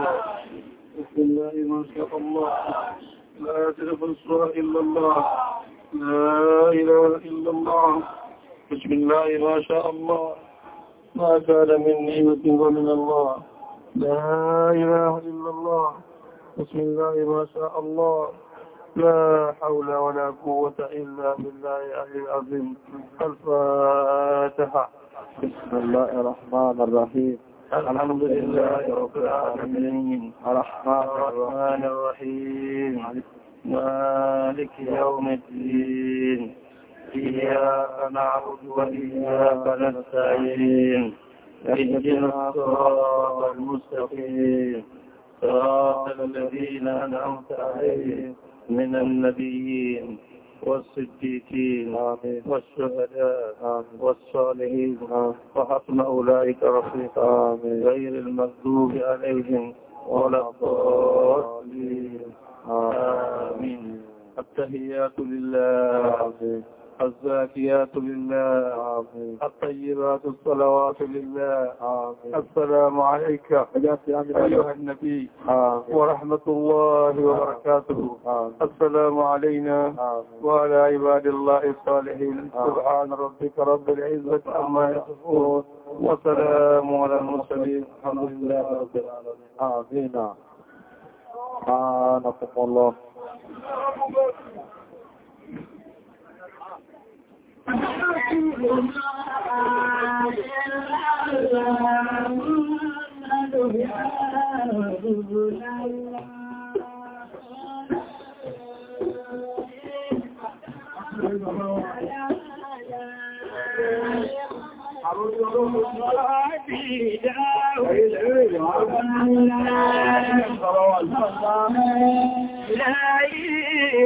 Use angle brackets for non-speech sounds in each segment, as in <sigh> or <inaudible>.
الله بسم الله ما شاء الله لا تنفسها إلا الله لا إله إلا الله بسم الله ما شاء الله ما كان من نعمة ومن الله لا إله إلا الله بسم الله ما شاء الله لا حول ولا قوة إلا بالله العلي العظيم الفاتحة بسم الله الرحمن الرحيم الحمد لله رب العالمين الرحمن الرحيم مالك يوم الدين إياك نعبد وإياك نستعين اهدنا الصراط المستقيم صراط الذين أنعمت عليهم من النبيين والصديقين والشهداء والصالحين وحسن أولئك رفيقا غير المزدوب عليهم ولا الضالين آمين التهيات لله آمين الزاكيات لله آمين الطيبات الصلوات لله آمين السلام عليك أيها النبي آمين ورحمة الله وبركاته آمين السلام علينا آمين وعلى عباد الله الصالحين سبحان ربك رب العزة عما يصفون وسلام على المرسلين الحمد لله رب العالمين آمين آمين الله Láyé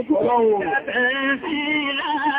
kò rọrùn, ẹ̀fẹ́ sí láyé.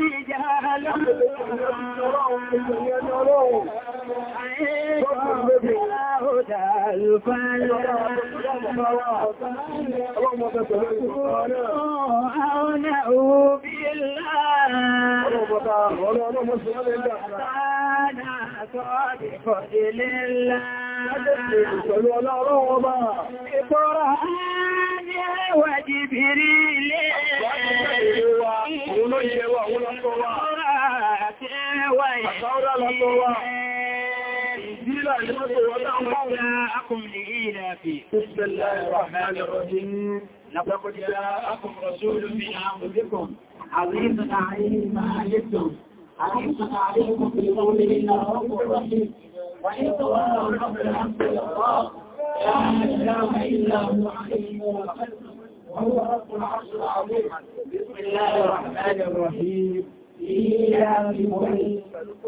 Ọlọ́run mọ́ sí ọlọ́run. Ọlọ́run mọ́ sí ọlọ́run pẹ̀lú ọlá ọlọ́run ọba ìtọ́ra ájẹ́ wà jìbìrí ilé Ìdílà ìlọ́tọ̀ wọ́n dáhùn báwọn akùnrin ìlàfí. Bismillahir Rahmanir Rahim. لقد جاءكم رسول من أنفسكم عزيز عليه ما عليكم حريص عليكم في قوله إنه رب رحيم وإن تولوا الحمد الحمد لله لا إله إلا هو عليم وهو رب العرش العظيم بسم الله الرحمن الرحيم إياكم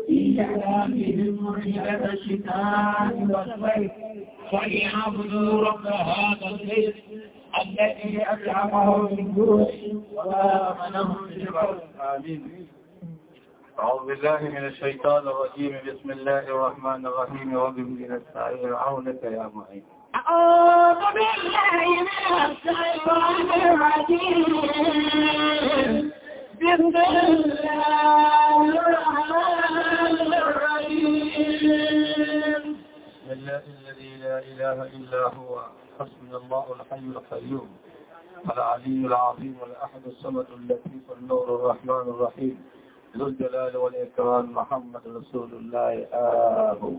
إياكهم رحلة الشتاء والصيف فليعبدوا رب هذا البيت الذي أطعمهم من جوع وآمنهم من خوف آمين أعوذ بالله من الشيطان الرجيم بسم الله الرحمن الرحيم وبه السائر عونك يا معين أعوذ بالله من الشيطان الرجيم بسم الله الرحمن الرحيم الله الذي لا إله إلا هو حسبنا الله الحي القيوم العلي العظيم الأحد الصمد اللطيف النور الرحمن الرحيم ذو الجلال والإكرام محمد رسول الله آه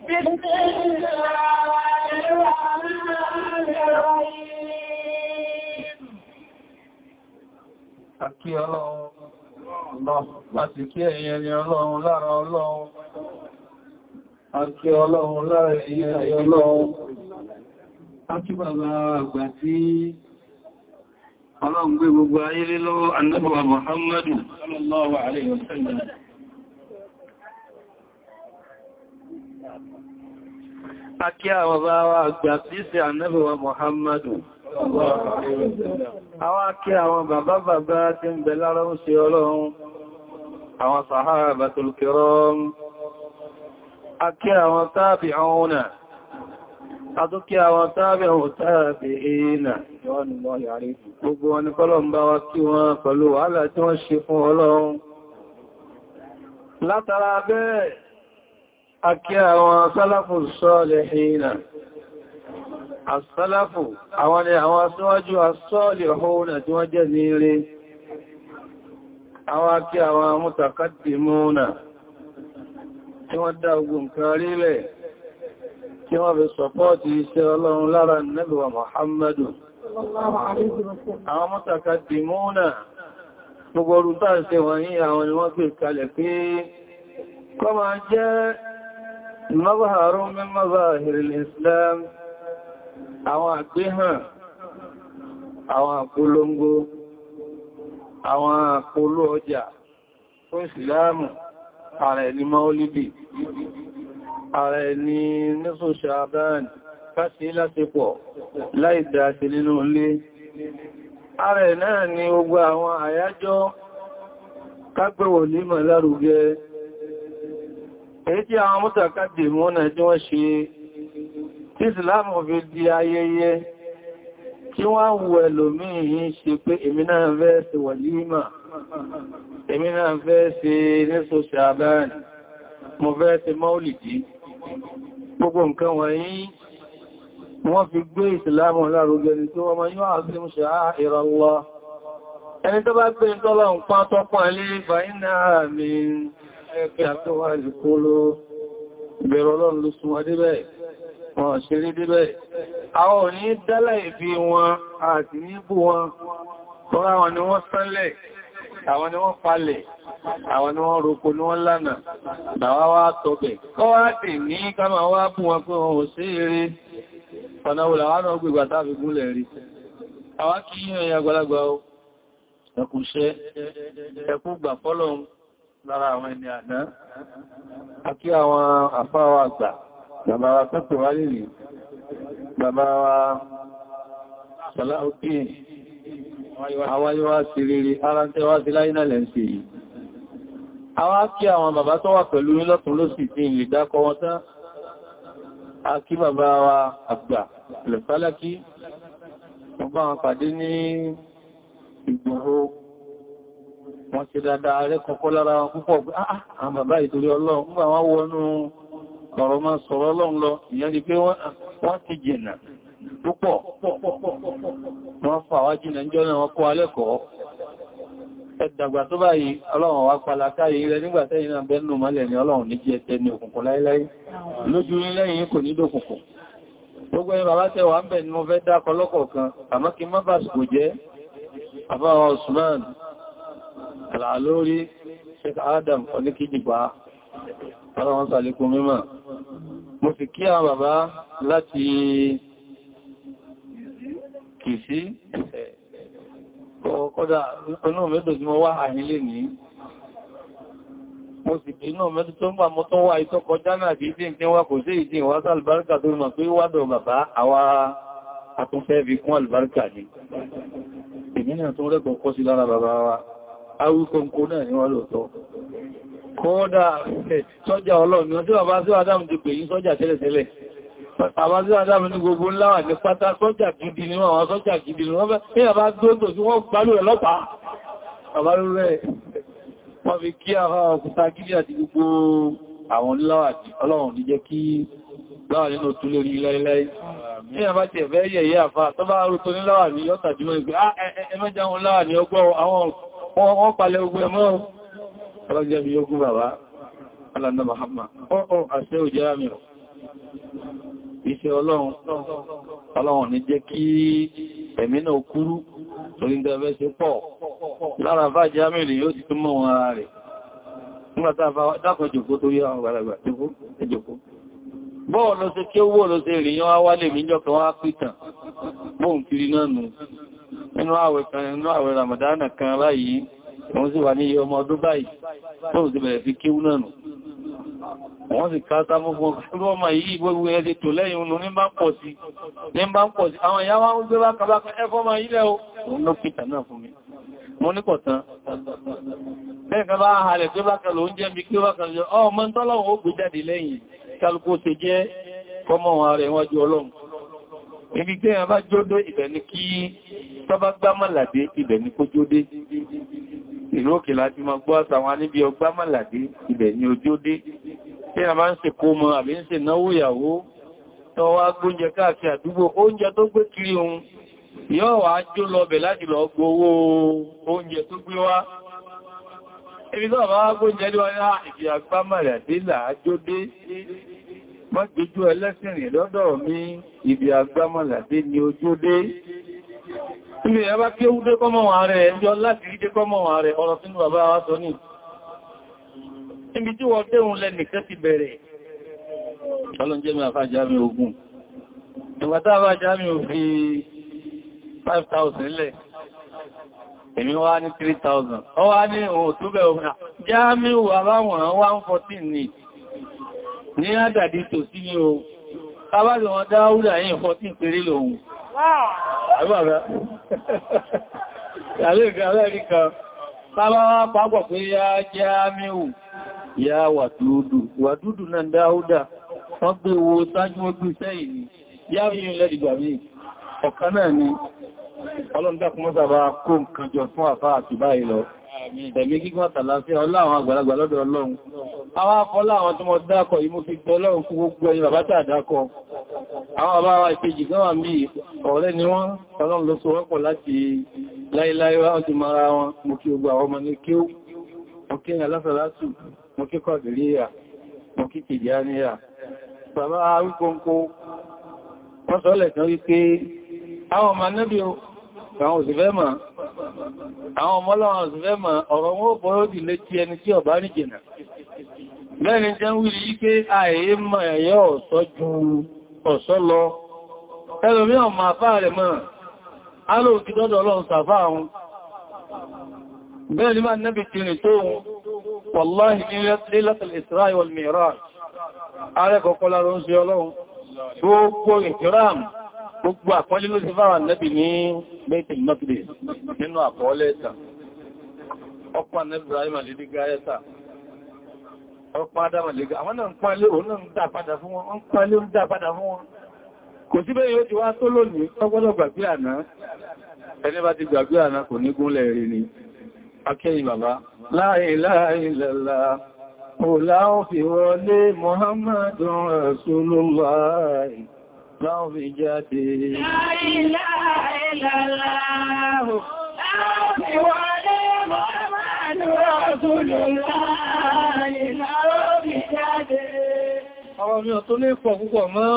بسم ọlọ́run lọ láti kí ẹ̀yẹ ni ọlọ́run lára ọlọ́run. Àkí ọlọ́run lára ẹ̀yẹ ọlọ́run. Akí bàbá àgbà tí ọlọ́run gbé gbogbo ayé lé lọ́wọ́ annabawa Muhammadu sallallahu alaihi wasallam. Akí àwọn bàbá àgbà tí sí annabawa Muhammadu sallallahu alaihi wasallam. Àwọn akí àwọn bàbá bàbá tí ń bẹ lára ń ṣe ọlọ́run, àwọn sahabatul kiram, àtúnkí àwọn tábẹ̀wò tábẹ̀ èèna gbogbo wọn ni kọ́lọ̀ ń bá wá kí wọn pẹ̀lú wàhálà tí wọ́n ṣe fún ọlọ́run látara bẹ́ẹ̀ akí àwọn sálàfù sọ́ọ̀lẹ̀ èèna àsálàfù àwọn ni àwọn aṣíwájú asọ́ọ̀lẹ̀ ọ̀hún àti wọ́n jẹ́ ní rí tí wọ́n dá ogun kan rílẹ̀ tí wọ́n fi sọpọ́ọ̀tì iṣẹ́ ọlọ́run lára Ànábì wa Muhammadu àwọn mọ́tàkà dìmúnà gbogbo ọdún tàà ṣe wọ̀nyí àwọn ni wọ́n pè kalẹ̀ pé kọ́ jẹ́ mọ́bàárún min ara ẹni nísò ṣàbán káṣí lásìpọ̀ láì dáṣì nínú ilé ara ẹ̀ náà ni gbogbo àwọn àyájọ́ kágbẹ̀wò límọ̀ lárugẹ èyí tí àwọn mọ́tàkádì mọ́nà tí wọ́n ṣe tí ìsìláàmù fi di ayẹyẹ tí wọ́n wù ẹlòmíì ṣe pé èmi náà fẹ́ ṣe wàlímà èmi náà fẹ́ ṣe ní sọ́ṣàbán mo fẹ́ ṣe Gbogbo nǹkan wọ̀nyí wọ́n fi gbé ìsìlámù lárugẹ ni tí wọ́n máa yíwá àti mùsẹ̀ àìrànlọ́. Ẹni tó bá gbé tọ́lọ̀ ń pá tọ́pọ̀ ilé fàínà mi ẹgbẹ́ àtọwà ìlúkóló bẹ̀rọ àwọn ni wọ́n falẹ̀ àwọn ni wọ́n roko ní wọ́n lánà bàwá wá tọ́bẹ̀ kọ́ wá tì ní kama wá bú wọn pé wọn ò sí eré ọ̀nàwòlà wá náà gbígbà tàbí gúnlẹ̀ rí àwa kí yíyan agbálagbà ó ẹkùnṣẹ́ ẹkù gbà fọ́lọ̀ lára àwọn ẹni àná àti àwọn àfáwà àgbà àwáyé wá sí rere ara tẹ́ wá sí àwọn bàbá tó wà pẹ̀lú ní lọ́tún ló sì ti lè dákọ wọn tán a kí bàbá wa àgbà lẹ̀fálákí wọ́n bá wọn pàdé ní ìgbòho wọ́n ṣe dáadáa rẹ̀ kọ́kọ́ lára wọn púpọ̀ pé ah, ah, àwọn bàbá ìtorí ọlọ́run nígbà wọ́n wọnú ọ̀rọ̀ máa sọ̀rọ̀ ọlọ́run lọ ìyẹn ni pé wọ́n ti jìnà púpọ̀ wọ́n fà wá jìnà jọ náà wọ́n kó alẹ́kọ̀ọ́ ẹ̀dàgbà tó báyìí ọlọ́run wá palata yìí rẹ nígbàtẹ́ iná bẹ́ẹ̀nù mọ́lẹ̀ ni ọlọ́run ní jẹ́ tẹ́ ní òkùnkùn láíláí lójú lẹ́yìn kò ní dókùnkùn gbogbo ẹni bàbá tẹ́wà ń bẹ̀ ni mo fẹ́ Adam oníkíjìgbà ọlọ́run sàlékún mímọ̀ mo sì kí àwọn bàbá láti kì sí kọ́dá inú mẹ́tò tí mo wá àyílé ní mo sì bí inú mẹ́tò tó ń bà mọ́ tó wá ìtọ́ kọjá náà kìí tí ìpín wá kò sí ìdí ìwá sálùbáríkà tó mọ̀ pé wádọ̀ bàbá àwa àtúnfẹ́ fi kún àlùbáríkà ní ìmìnà tó rẹ́kọ̀ọ́ kọ́ sí lára bàbá wa awíkọ̀ǹkọ́ náà ni wọ́n lóòtọ́ kọ́dá <laughs> sọ́jà ọlọ́run ọjọ́ bàbá sí àdámù ti sọ́jà tẹ́lẹ̀tẹ́lẹ̀ àwọn tí adámi ní gbogbo ńlá wà ní pátá sọ́jà gidi ni wọ́n sọ́jà gidi ni wọ́n fẹ́ ní àbá gbóòtò tí wọ́n gbálù rẹ̀ lọ́pàá bàbá ló rẹ̀ wọ́n fi kí àwọn òkúta gidi àti gbogbo àwọn ńláwà tí ọlọ́run ní jẹ́ kí láwà nínú tó lórí láíláí ní àbá ti ẹ̀fẹ́ yẹ̀yẹ́ àfá tó bá rú tó níláwà ní ọ́tàjúmọ́ ìgbé ẹmẹ́jà wọn láwà ní ọgbọ́ ah, àwọn wọ́n palẹ̀ ogun ẹmọ́ ọlọ́jẹ́ mi yóò gún bàbá alánà Muhammad ọ́ ọ́ àṣẹ òjẹ́ àmì iṣẹ́ ọlọ́run ọlọ́run ní jẹ́ kí ẹ̀mí náà kúrú torí ìdẹ̀bẹ̀ ṣe pọ̀ lára bá jámìlì yóò ti túnmọ̀ wọn ara rẹ̀ nígbàtà dákan jòkó torí àwọn gbàlagbà jòkó bọ́ọ̀ lọ sí kí ó wò lọ sí ìrìyàn wá wálé mi jọ kan wá pìtàn bóòn kiri náà nù nínú àwẹ̀ kan nínú àwẹ̀ ramadana kan báyìí wọ́n sì wà ní iye ọmọ ọdún báyìí bóòn sì bẹ̀rẹ̀ fi kéwú náà nù wọ́n sì káta gbogbo ọmọ yìí gbogbo ẹ̀dẹ̀ tó lẹ́yìn olú ní bá pọ̀ sí ní bá pọ̀ sí àwọn ìyá wọ́n gbé bá kàbákan ẹfọ́ ma ilẹ̀ o òun ló pìtà náà fún mi mo ní kọ̀tán lẹ́ẹ̀kan bá halẹ̀ gbé bá kẹlò oúnjẹ mi gbé bá kẹlò ọmọ tọ́lọ́run ó gbé jáde lẹ́yìn ìlú òkè láti mọ gbọ́ àtàwọn níbi ọgbámàlàdé ibẹ̀ ni ó jódé tí a máa ń ṣe kó mọ́ àbí ń ṣe náwó ìyàwó tó wá gbóúnjẹ káàkiri àdúgbò oúnjẹ tó gbé kiri ohun yóò wá jó lọbẹ̀ láti lọ gbowó oúnjẹ tó gbé wá ibi tó bá gbóúnjẹ ní wọ́n ní ah, ìfìyà gbámàrẹ̀ àti ìlà àjódé má gbójú ẹlẹ́sìn rìn lọ́dọ̀ mi ìbí agbámàrẹ̀ àti ní ojódé ibi ẹ̀bá kí ó dé kọ́mọ̀ wọn rẹ̀ ẹjọ́ láti rí dé kọ́mọ̀ wọn rẹ̀ ọ̀rọ̀ sínú bàbá wa sọ nìí níbi tí wọ́n déhun lẹ́nìkan ti bẹ̀rẹ̀ ọlọ́njẹ́mí àfájámi ogun ìgbàtà àfájámi ò fi 5,000 lẹ̀ èmi wá ní 3,000 ọ wá ní ohun tó bẹ̀ òun jámi wà láwọn 114 ní ní àdàdì tò sí ní o kábàdì wọn dáúdà yìí 14 péré lòun àbúrà Tàbí ìgbà Amẹ́ríkà, tábá pápọ̀ pé yá jẹ́ àmì yá wàdúdù wàdúdù náà dáúdà wọ́n gbé wo sájú wọ́n gbé sẹ́yìn ni yá rí ilẹ̀ ìgbà mí ọ̀kan náà ni ọlọ́ndàkùnmọ́sàbá kó nǹkan jọ fún àfá àti báyìí lọ ẹ̀mí gígùn àtàlàfíà ọláwọn àgbàlagbà lọ́dọ̀ ọlọ́run àwọn akọ́lá àwọn tó mọ̀ dákọ̀ yìí mo fi gbọ́ ọlọ́run fún gbogbo ẹni bàbá tàà dákọ̀ àwọn bàbá wa ìkejì kan wà mí ọ̀rẹ́ ni wọ́n ọlọ́run ló so wọ́pọ̀ láti láíláí wá ọdún mara wọn mo kí gbogbo àwọn ọmọ ní kí ó ọkẹ́ mo kí kọ̀dìríyà mo kí kìdíáníyà bàbá arúgbóǹkó wọ́n sọ́lẹ̀ tán wípé àwọn ọmọ anábí àwọn òsìfẹ́ mọ̀ àwọn ọmọlọ́wọ́n òsìfẹ́ mọ̀ ọ̀rọ̀ wọn ó bọ́rọ̀ dì lé tí ẹni tí ọ̀bá rí jìnà mẹ́rin jẹ́ ń wí rí pé àìyé mọ̀ ẹ̀yọ́ ọ̀sọ́ ju ọ̀sọ́ lọ ẹlòmí ọmọ àfá rẹ̀ mọ̀ alóòkìdọ́dọ̀ ọlọ́run sàfá àwọn bẹ́ẹ̀ ni máa nẹ́bì ti rìn tóhun wàláhì nílẹ̀tàlì Isra'i wal Mi'raj arẹ́kọ̀ọ́kọ́ lára ń ṣe ọlọ́run gbogbo ìkìrám gbogbo àpọ́lé ló ti fáwà nẹ́bì ní Baitul Maqdis nínú àpọ́ọ́lẹ̀ ẹ̀ta ọpá nẹ́bìráyìmà lè dígá ẹ̀ta ọpá Adama lè akẹ́yìn bàbá la ilaha illallah láò fi wọlé Muhammadun Rasulullah láò jáde la ilaha illallah láò fi wọlé Muhammadun Rasulullah láò fi jáde ọmọ mi ò tó lè pọ̀ púpọ̀ mọ́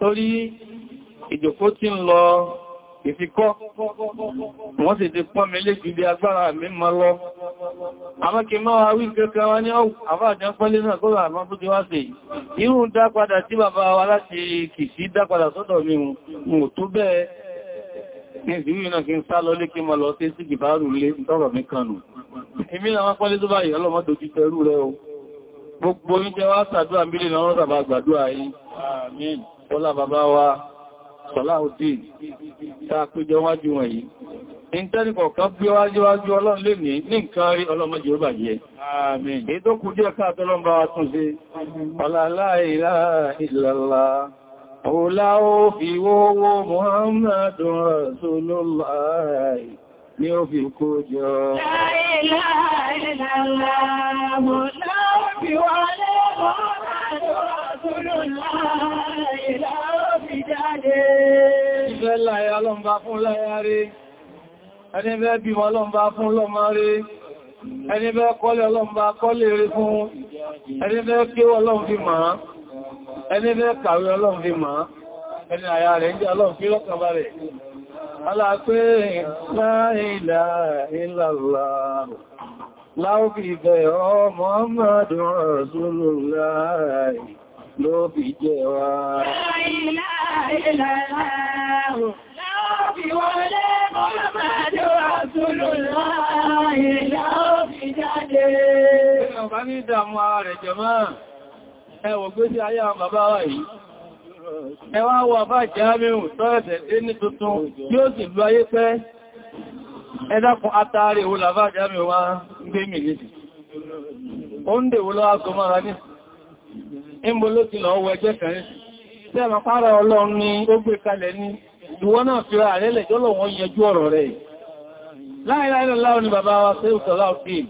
torí ìjòkó kì fi kọ́ wọ́n sì ti pọ́n mi léjì bí agbára mi mọ́ lọ àmọ́ kí máa wá wí kẹ́kẹ́ wá ní àfáàjẹ́ pẹ́lẹ́ náà kọ́lá àmọ́ tó ti wá sí irú dá padà tí bàbá wa láti kìsí dá padà sọ́dọ̀ mi mò tó bẹ́ẹ̀ ní ìsìnwí náà kí n sá lọ lé kí mọ́ lọ sí sí gìbárù lé tọ́rọ̀ mi kanù èmi làwọn pọ́lé tó báyìí ọlọ́mọdé ojú tẹrú rẹ o gbogbo oúnjẹ wá sàdúrà mílíọ̀nù ọ̀rọ̀ sàbà gbàdúrà yìí àmín ọlá bàbá wa Sọláhùdín tàà péjọ wájú wọn yìí. Ìntẹ́nìkọ̀ kan bí wájúwájú ọlọ́run lè ní ní nǹkan rí ọlọ́mọdé ó bàjẹ́. Àmín. Èyí tó kù díẹ̀ káà tọ́lọ́mbà wa tún sí. Ọlá láìláà ìlàlá. ó fi wówó kó jọ. Láìláà ìlàlá. Ọlá ó fi wálé Muhammadun jáde. Ìfẹ́ láyé ọlọ́mbà fún láyá rí. Ẹnibẹ́ bẹ́ bímọ ọlọ́mbà fún rí. Ẹni bẹ́ ọlọ́mbà kọ́lé rí fún. máa. Ẹni bẹ́ máa. Ẹni àyà rẹ̀ ń jẹ́ la fi bẹ̀rọ Muhammadur Rasulullah ló fi jẹ wá. Ẹwọ̀ gbé sí ayé àwọn bàbá wa yìí, ẹwà wọ bá jẹ́ àmìhùn tọ́rẹ̀tẹ̀ dé ní tuntun yóò sì lú ayé pẹ́, ẹdákun àtàrí ìwò làbá jẹ́ àmìhùn wá ń gbé mìírìsì. Ó ń dè wó lọ́wọ́ ìmò ló ti lọ wọ ẹgbẹ́ kan tí ẹmà pàrà ọlọ́run ni ó gbé kalẹ̀ ní ìwọ náà fi ra rẹ̀ lẹ́jọ́lọ̀ wọ́n yẹjú ọ̀rọ̀ rẹ̀ láìláìláwọ́ ni bàbá wa sẹ́rù sọ́lá òfin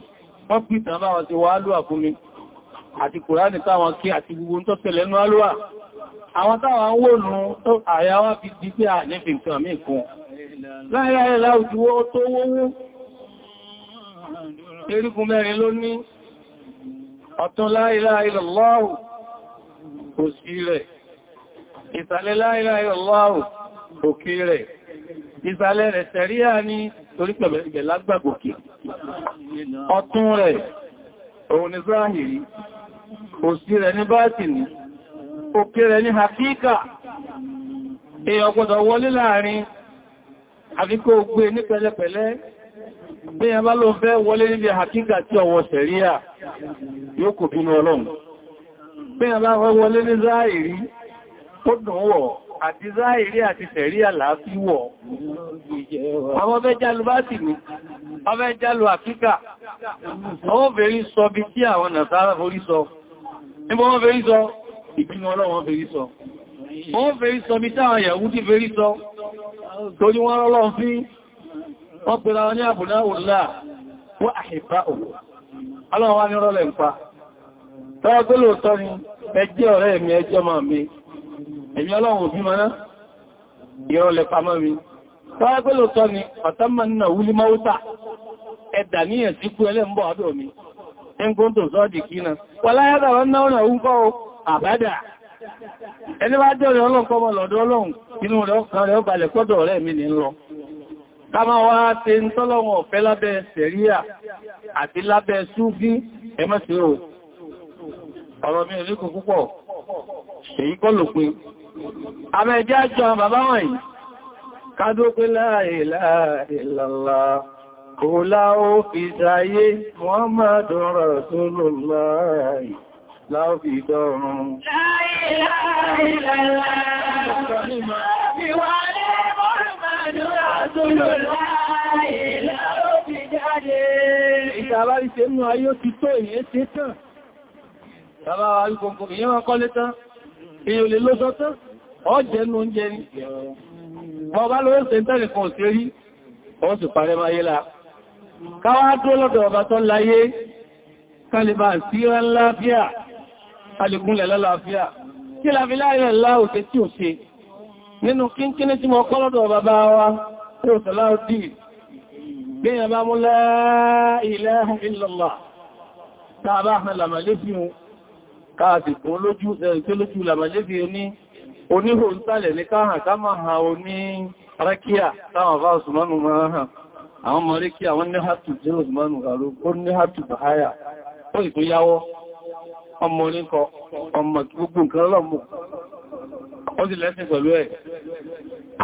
wọ́n pì tàn bá wọn ti wà álúwà fún mi àti kùránì táwọn kí àti gbogbo tó tẹ̀lẹ̀ ní álúwà àwọn táwọn wò nù ọ̀tún láìláìláwọ́ kò sí rẹ̀ ìsàlẹ̀ láìláì ọlọ́wọ̀ òkè rẹ̀ ìsàlẹ̀ rẹ̀ sẹ̀ríà ní torí pẹ̀lẹ̀ lágbàgbòkè ọ̀tún rẹ̀ òun ni záhìrí kò sí rẹ̀ ní bátìní òkè rẹ̀ ní hakíkà èèyàn gbọ́dọ̀ wọlé láàrin àfikò gbé ní pẹ̀lẹ́pẹ̀lẹ́ bí bí a bá wọ́n wọlé ní záìrí ó dùn wọ̀ àti záìrí àti tẹ̀rí àlàáfí wọ̀ àwọn ọbẹ̀ jálù bá sì ní ọbẹ̀ jálù àfíkà wọ́n fèrí sọ bí tí àwọn nàtàrà forí sọ níbo wọ́n fèrí sọ ìgbìmọ̀ ọlọ́wọ́n fèrí sọ wọ́n fèrí sọ bí táwọn yàwú tọ́wọ́ tó lóòtọ́ ni ẹjẹ́ ọ̀rẹ́ ẹ̀mí ẹjọ́ máa mi ẹ̀mí ọlọ́run òbí maná ìrọlẹ̀ mi tọ́wọ́ tó lóòtọ́ ni ọ̀tọ́mọ̀ wúlí ẹ̀dà níyàn sí ẹlẹ́mbọ̀ ọdọ̀ mi ń tọ́lọ́wọ̀n ọ̀fẹ́ lábẹ́ sẹ̀ríà ọ̀rọ̀ mi olékùn púpọ̀ èyí kọ́ ló pé àmẹ́ ẹjẹ́ àjọ bàbá wọ̀nyí kádó pé láàrínláà kò láó fi sáyé wọ́n máa dọ̀rọ̀ tó lò láàrín láó fi dọ̀rùn Ìtàbárí ṣe mú ti tó ìyẹ́ ṣe tàn. Bàbá wa rí gbogbo ìyẹ́ wọn kọ́ lé tán, èyí ò lè ló sọ tán, ọjẹ́ ní oúnjẹ ni. Wọ́n bá lórí ṣẹ́ntẹ́lẹ̀ kan sí rí, ó sì parẹ́ máyé la. Káwàá dúró lọ́dọ̀ ọba tó láyé, kálìbà sí rán láàfíà, alìkúnlẹ̀ lọ́láàfíà. Kí la fi láàrin tàbá àmàlàmà lé fi hun káàdì kún lójú ẹ̀rùn lójú làmàlébí oní oníhò ń tàlẹ̀ ní káhàn ká máa ha oní rákíà táwọn bá ọ̀sùmánù máa hàn àwọn ọmọ rí kí àwọn níhàtù jẹ́ ọ̀sùmánù àrò ó níhàtù bàáyà ó ìtúnyáwọ́ ọmọ orínkọ ọmọ gbogbo nǹkan lọ́mù ó sì lẹ́sìn pẹ̀lú ẹ̀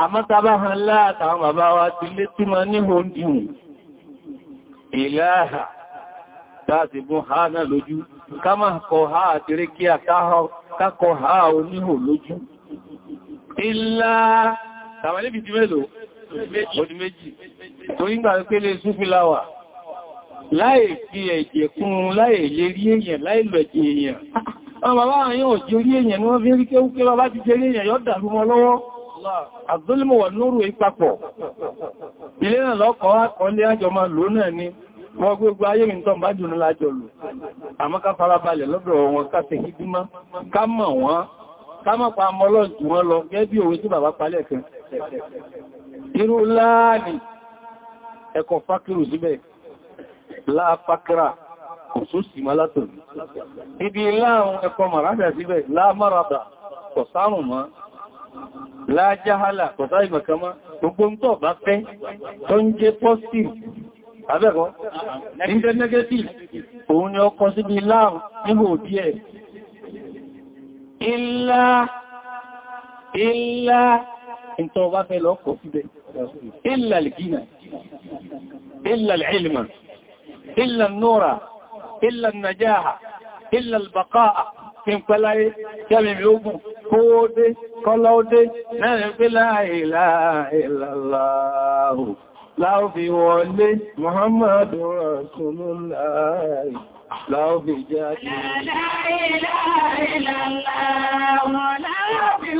àmọ́tàbá hàn láàtàwọn bàbá wa ti lé ha náà lójú ká máa kọ ha àtìrí kí àkákọ ha oníhò lójú ilá tàbálébì ti mélòó ọdún méjì torí gbà pélé súnfìláwà láì fi ẹ̀jẹ̀ kún láì lè rí èèyàn láì lọ ẹ̀jẹ̀ èèyàn àwọn bàbá àyàn ò jẹ́ orí èèyàn ní wọ́n fi rí kéhùké lọ ti jẹ́ orí èèyàn yọ́ dàrú mọ́ lọ́wọ́ àgbólímọ̀ wà lóòrò ìpapọ̀ ilé náà lọ́kọ̀ọ́ akọ́lé àjọ máa lò náà ni Wọ́n gbogbo ayé mi tán bá jùnú lájọ lò. Àmọ́ ká farabalẹ̀ lọ́dọ̀ wọn ká ṣe kíkímọ́, ká mọ̀ wọ́n, ká mọ̀ pa mọ́lọ́n jù wọ́n lọ gẹ́ bí òwe tí bàbá palẹ̀ kan. Irú láàní ẹkọ̀ fákírù síbẹ̀, láàfákírà kò só sì má látọ̀. Ibi láàrùn ẹkọ̀ màrádà síbẹ̀, láàmárádà kò sárùn mọ́, Àbẹ́kọ́, nígbẹ́ negative, òun ni ọkọ̀ síbi láàrùn nígbò òbí ẹ̀. Ìlà, ìlà, ìntọ́ bá fẹ́ lọ́kọ̀ síbẹ̀. Ìlà lìgínà, ìlà l'ilma, ìlà núra, ìlà nàjáhà, ìlà l'bàkáà, kí n pẹ́láyé, kẹ́mìmì ogun, kówó dé, mẹ́rin pẹ́lá ìlà ìlàláàrù láàbí wọlé Muhammadu Rasulullah láàbí jáde. Láàbí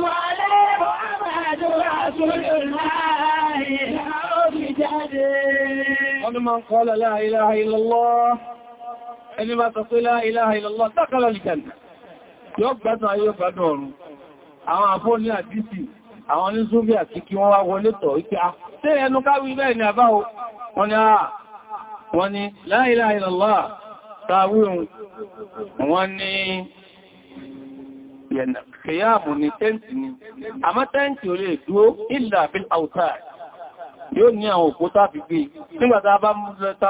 wọlé Muhammadu Rasulullah láàbí jáde. Ọdún máa ń kọ́lá la ilaha illallah, ẹni bá sọ pé la ilaha illallah tákàlá nìkan, yóò gbádùn ayé gbádùn ọ̀run, àwọn àbó ní àdísì àwọn ní Súfí àti kí wọ́n wá wọlé tọ̀ wípé a ah, tẹ́ ẹnu káwí bẹ́ẹ̀ ni àbáwọ̀ wọ́n ni àà ah. wọ́n ni la ilaha illallah tàwíhun wọ́n ni kìyàmù ni tẹ́ǹtì ni àmọ́ tẹ́ǹtì ò lè dúó illa fil awtar yóò ní àwọn òkúta fi gbé nígbàtà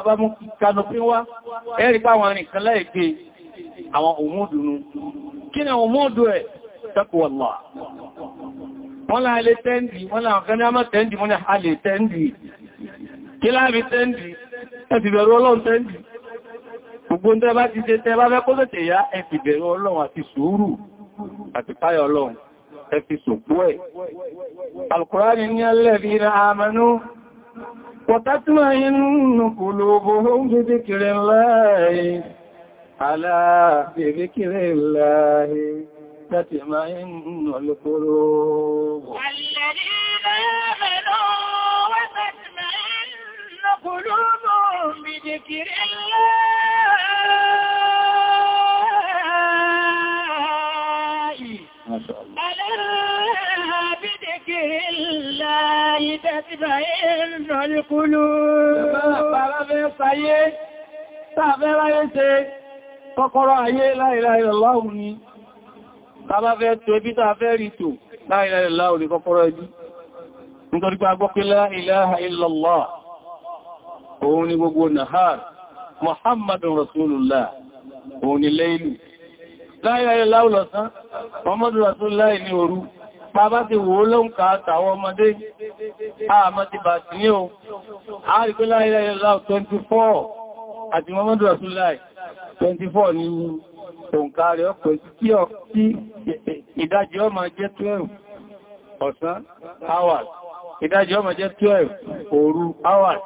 bá mú kanopin wá ẹ̀rí pàwọn arìn kan láì gbé àwọn òmúdùnú kí ni òmúdù ẹ̀ taqwa Allah wọ́n láà lè tẹ́ndì wọ́n láà kan ní a máa tẹ́ndì wọ́n ní a lè tẹ́ndì kí láàrí tẹ́ndì ẹ̀fì bẹ̀rù ọlọ́run tẹ́ndì gbogbo ń tẹ́bá ti ṣe tẹ́bá fẹ́ kó tẹ́tẹ̀ yá ẹ̀fì bẹ̀rù ọlọ́run àti sùúrù àti páyà ọlọ́run ẹ̀fì sòpó ẹ̀ Al-Qur'ani ní alladhina amanu wa tatma'innu qulubuhum bi dhikrillah تتمئن القلوب الذين آمنوا وتتمئن قلوبهم بذكر الله ما شاء الله ألا بذكر الله تتمئن القلوب Tàbẹ́ráyé ṣe kọ́kọ́rọ́ ayé láìláìlọ́lọ́hùn ni bá fẹ́ tó ibi tàà fẹ́ rí tò láìláìlá ò lè kọ́kọ́rọ́ ẹjú nítorí pé agbọ́ pé láìláha illallah òun ni gbogbo nahar muhammadun rasulullah òun ni lẹ́ìlú láìláìlá ò lọ́sán muhammadun rasulullah ni òru bàbá ti wò ló ń àtàwọn ọmọdé àmọ́ ti bà sí ní o a láìláìlá 24 àti muhammadun rasulullah 24 ni òǹkà rẹ̀ ọ̀pẹ̀ tí ìdájí ọmọ jẹ́ 12 ọ̀sán hours ìdájí ọmọ jẹ́ 12 òru hours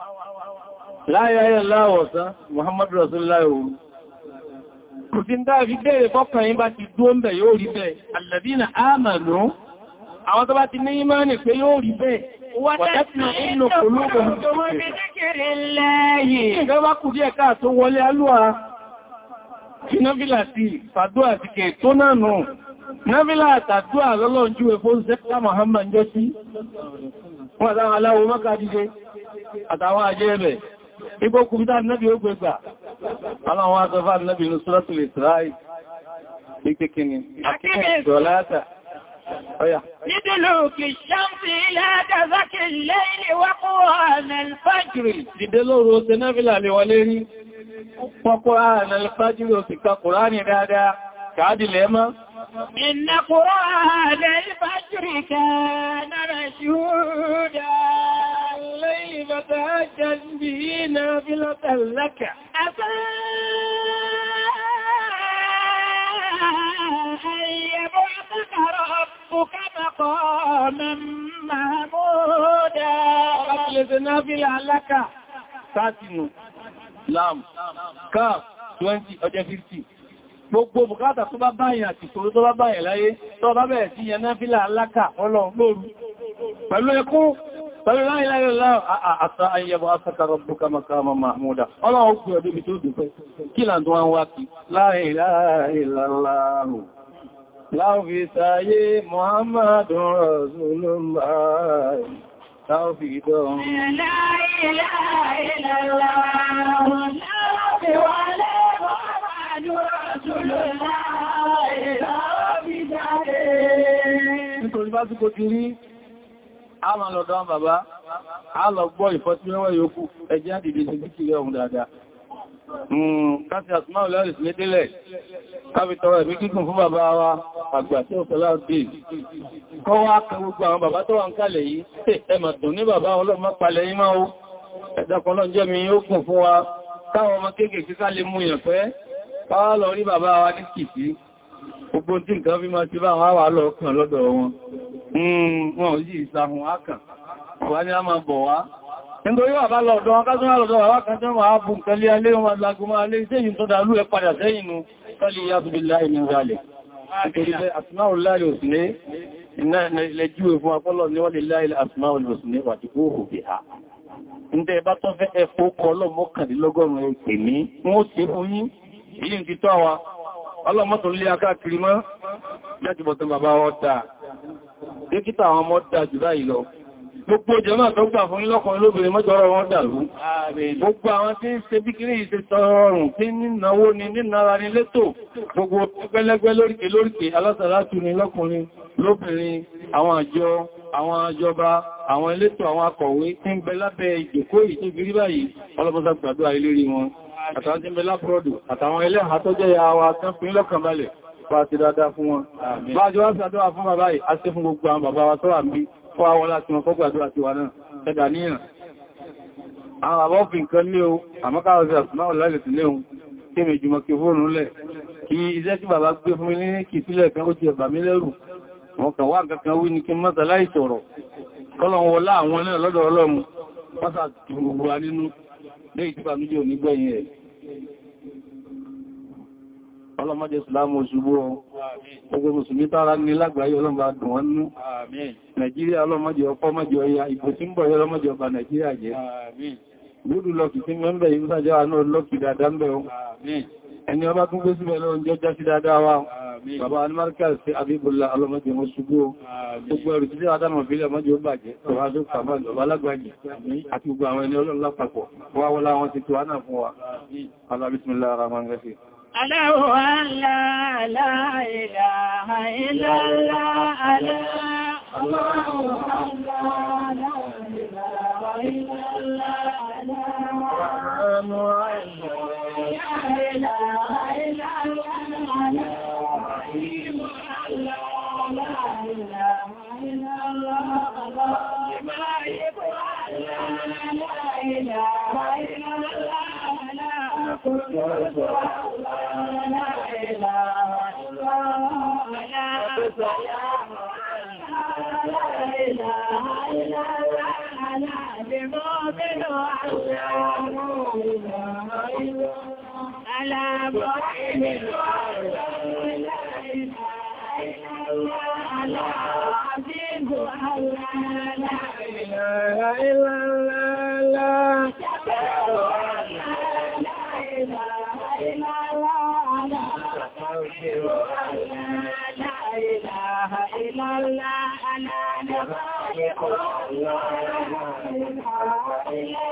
láyẹ̀yẹ̀ láwọ̀sán Muhammadu Rasulullah òru kò sí dáa fi bẹ́ẹ̀rẹ̀ fọ́kàn yí bá ti dúó mẹ́ yóò rí bẹ́ẹ̀ alladhina amanu àwọn tó bá ti ní ìmánì pé yóò rí bẹ́ẹ̀ wọ́tẹ́tìnà inú kòlúkò tí náfílà sí fàdúà sí kẹ tó náà nù náfílà àtàdúà lọ́lọ́njú ẹ̀fọ́ sẹ́kọ́lá Muhammad jọ sí wọ́n àtàwọn aláwọ̀ mọ́ká jíjẹ àtàwọn ajẹ́ ẹ̀bẹ̀ igbó kùmítà nábi ó gbẹgbà aláwọn asọfà nábi ní Suratul Isra'i ìkékíní àkíkẹ́ ìdọ̀láta ọya nídìlò kì ṣáǹsì ilẹ̀ àdázákì lẹ́yìn ìwákúwà وقرآن الفجر في القرآن دادا كعد اليما إن قرآن الفجر كان مشهودا الليل تهجد به نافلة لك أفا أن يبعثك ربك مقاما محمودا رب لذنافل لك ساتنو lam kaf 20 ọjẹ́ 50 gbogbo bùkátà tó bá báyìí àti ìṣòro tó bá báyìí láyé tó bá bẹ̀rẹ̀ sí yẹn náà fílà aláka ọlọ́run lóru pẹ̀lú ẹkún pẹ̀lú láìláìlá àtà ayẹbọ̀ makama mahmuda ọlọ́run kú ẹ̀dẹ́ mi tó dùfẹ́ kí làndọ́ wọn wá kí láìláìláàrùn tawfiqun la ilaha nítorí bá túnkò ti rí a máa lọ́dọ̀ bàbá a lọ gbọ́ ìfọ́síwẹ́wẹ́ yòókù ẹjẹ́ àdìdì sí kíkìlẹ̀ ọ̀hún dáadáa Hmm, káfí àtúnmá olóòrì sí lédélẹ̀ káfí tọrọ ẹ̀mí gígùn fún bàbá wa àgbà tí ó fẹ́ láàbí kọ́ wá kẹ gbogbo àwọn bàbá tó wà ń kalẹ̀ yìí ẹmà dùn ní bàbá ọlọ́mọ palẹ̀ yìí máa ó ẹ̀dàkọ́ náà jẹ́ mi ó kùn fún wa káwọn ọmọ kéèkèé ká lè mú yàn pẹ́ káwá lọ rí bàbá wa ní kìtì nítorí wà bá lọ́dọ̀ akásúnmà lọ́dọ̀ àwọn kan tẹ́ wọ́n ápù nǹkan lé alé wọn lagunmọ́ alé iṣẹ́ yìí tó dálú ẹ padà sẹ́yìn nù tọ́lì yàtùbí ní ìrìnlẹ̀ àtòrí asmaul láì òsìné lẹ́jú fún apọ́lọ̀ ní wọ́n lè láì asmaul òsìné wà tí ó hù bí ha ǹdẹ́ bá tọ́ fẹ́ ẹ̀fọ́ kọlọ mọ́kànlélọ́gọ́rùn-ún pè mí wọ́n sì fún yín èyí ti tọ́ wa ọlọ́mọ́tò lé akáàkiri mọ́ gbogbo jẹmọ́ tó gbà fún lọ́kàn lóbìnrin mọ́jọ́rọ̀ wọn dàrú gbogbo àwọn tí ń ṣe bí kiri ìṣe tọrọrùn tí nínáwó ni nínara ni létò gbogbo ẹgbẹ́lẹ́gbẹ́ lóríkè lóríkè alásàlátù ni lọ́kùnrin lóbìnrin àwọn àjọ àwọn àjọba àwọn elétò àwọn akọ̀wé tí ń bẹ lábẹ́ ìjòkó ìtògiri báyìí ọlọ́pọ̀sá gbàdúrà ilérí wọn àtàwọn tí ń bẹ lápọ̀rọ̀dù àtàwọn ẹlẹ́hà tó jẹ́ ya wa tán fi lọ́kàn balẹ̀ bá ti dáadáa fún wọn bá jọ wá sí àdúrà fún bàbá yìí a ṣe fún gbogbo àwọn bàbá wa tó wà ń kọ́ àwọn láti wọn kọ́gbàdúrà ti wà náà ẹ̀dà níyàn àwọn àbọ́fin kan ní o àmọ́káwọ́ sí àsùnmáwò lálẹ̀ sí léhun tí mi jùmọ̀ kí fóònù lẹ̀ kí iṣẹ́ tí bàbá gbé fún mi ní kì sílẹ̀ kan ó ti ẹ̀bà mi lẹ́rù wọn kàn wá wa nínú lẹ́yìn tí bàmílẹ̀ ò ní gbẹ̀yìn ọlọ́mọdé ìsìlámù òṣùgbó ọgbẹ́ mùsùlùmí tààrà ní lágbàáyé ọlọ́mọdé àdùn wọn nú nàìjíríà ọlọ́mọdé ọkọ́ mọ́jọ ọya ìbò tí ń bọ̀ ọlọ́mọdé ọba nàìjíríà jẹ́ gúdù lọ́kì tí mẹ́mbẹ̀ yìí sájọ́ àánú lọ́kì dáadáa mẹ́ o ẹni ọba tún gbé síbẹ̀ lọ́run jọ já sí dáadáa wa bàbá alimárkà sí abíbùlá ọlọ́mọdé wọn ṣubú o gbogbo ẹrù títí adámọ̀ fílẹ̀ ọmọdé ó bàjẹ́ àwọn ẹni ọlọ́run lápapọ̀ wáwọ́lá wọn ti tó wá fún wa alábísmìlá ara máa ń gẹ́sì ألو أن لا لا إله إلا الله ألا الله أن لا إله إلا الله ألا لا إله إلا الله ألا رحيم الله لا إله إلا الله الله مالك الله لا إله إلا Thank you. Amen.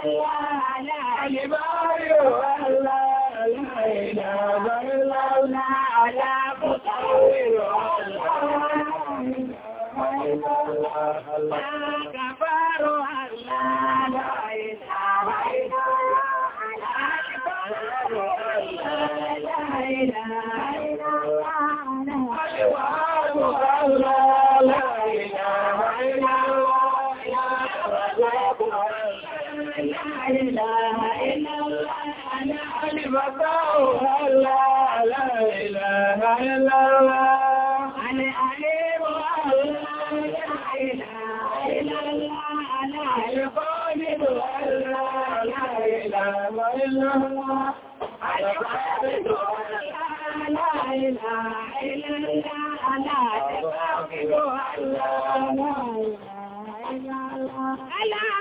Alá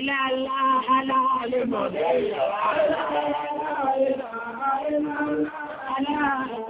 لا لا هلا علم لا لا هلا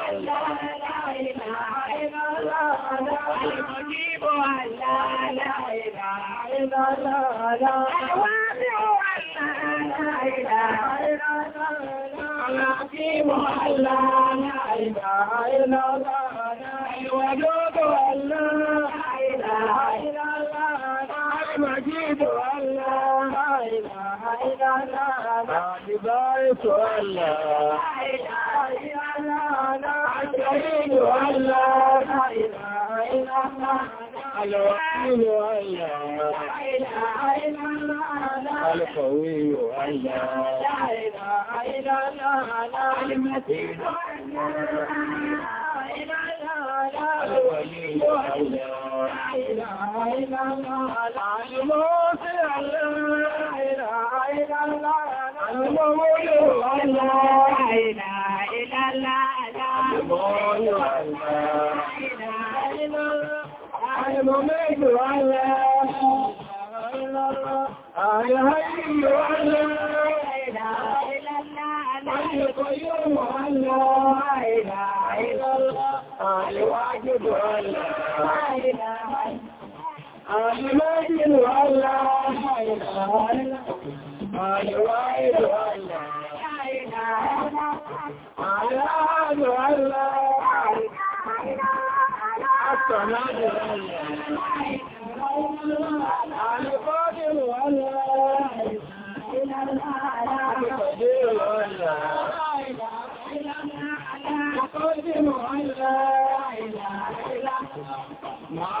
المجيب أن لا إله إلا الله الواسع أن لا إله إلا الله العظيم أن لا إله إلا الله الودود أن لا إله إلا الله المجيد أن لا إله إلا الله الباعث أن لا إله أشهد أن لا إله إلا الله الوكيل ألا لا إله إلا الله القوي ألا لا إله إلا الله المتين ألا الولي الأولى لا إله إلا الموسى لا إله إلا الله المولى الله لا إله إلا الله المولى الله لا إله إلا الله المميت الله الله على هي وعلى لا إله إلا الله على الله على واجد وعلى على ماجد وعلى على واجد وعلى على عاد وعلى حتى نادر الله ما